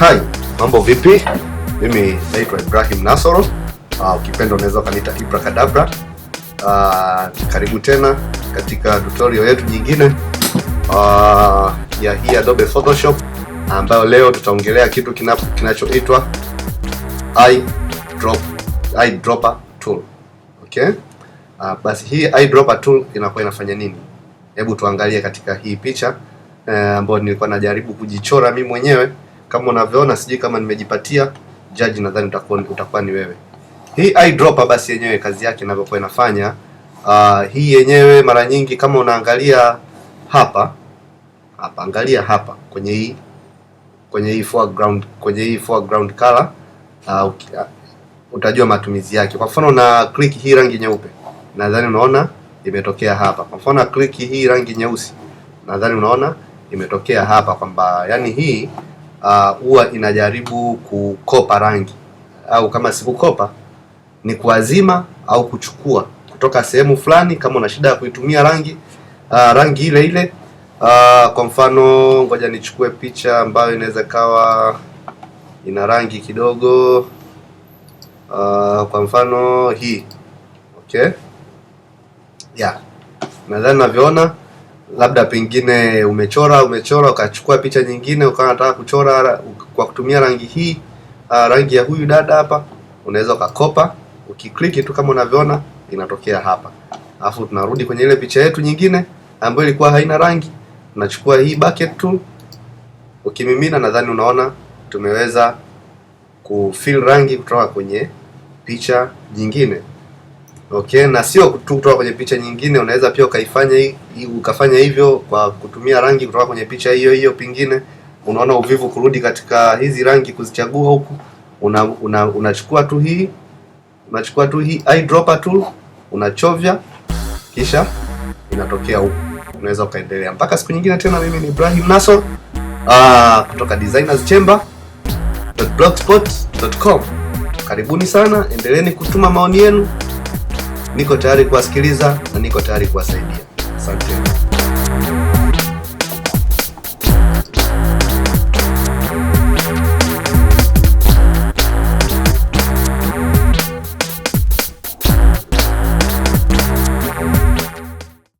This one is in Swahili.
Hi, mambo vipi? Mimi naitwa Ibrahim Nasoro, ah, ukipenda uh, unaweza ukaniita Ibra Kadabra. Uh, ah, karibu tena katika tutorial yetu nyingine uh, ya hii Adobe Photoshop ambayo leo tutaongelea kitu kinachoitwa eyedrop, eyedropper tool. Okay? Uh, basi hii eyedropper tool inakuwa inafanya nini? Hebu tuangalie katika hii picha eh, ambayo uh, nilikuwa najaribu kujichora mimi mwenyewe kama unavyoona, sijui kama nimejipatia judge, nadhani utakuwa utakuwa ni wewe. Hii eyedropper basi yenyewe kazi yake inavyokuwa inafanya uh, hii yenyewe mara nyingi kama unaangalia hapa hapa, angalia hapa kwenye hii kwenye hii foreground kwenye hii foreground color uh, utajua matumizi yake. Kwa mfano na click hii rangi nyeupe, nadhani unaona imetokea hapa. Kwa mfano click hii rangi nyeusi, nadhani unaona imetokea hapa kwamba yani hii Uh, huwa uh, inajaribu kukopa rangi au kama si kukopa ni kuazima au kuchukua kutoka sehemu fulani. Kama una shida ya kuitumia rangi uh, rangi ile ile uh, kwa mfano, ngoja nichukue picha ambayo inaweza kawa ina rangi kidogo uh, kwa mfano hii okay, yeah, nadhani navyoona labda pengine umechora umechora ukachukua picha nyingine ukawa unataka kuchora kwa kutumia rangi hii uh, rangi ya huyu dada hapa, unaweza ukakopa. Ukikliki tu kama unavyoona inatokea hapa, alafu tunarudi kwenye ile picha yetu nyingine ambayo ilikuwa haina rangi. Tunachukua hii bucket tu ukimimina, nadhani unaona tumeweza kufill rangi kutoka kwenye picha nyingine. Okay, na sio tu kutoka kwenye picha nyingine, unaweza pia ukaifanya ukafanya hivyo kwa kutumia rangi kutoka kwenye picha hiyo hiyo. pingine unaona uvivu kurudi katika hizi rangi kuzichagua huku, unachukua una, una tu hii unachukua tu hii eyedropper tu unachovya, kisha inatokea huku. Unaweza ukaendelea mpaka siku nyingine tena. Mimi ni Ibrahim Nassor ah, kutoka Designers Chamber blogspot.com. Karibuni sana, endeleeni kutuma maoni yenu. Niko tayari kuwasikiliza na niko tayari kuwasaidia. Asante.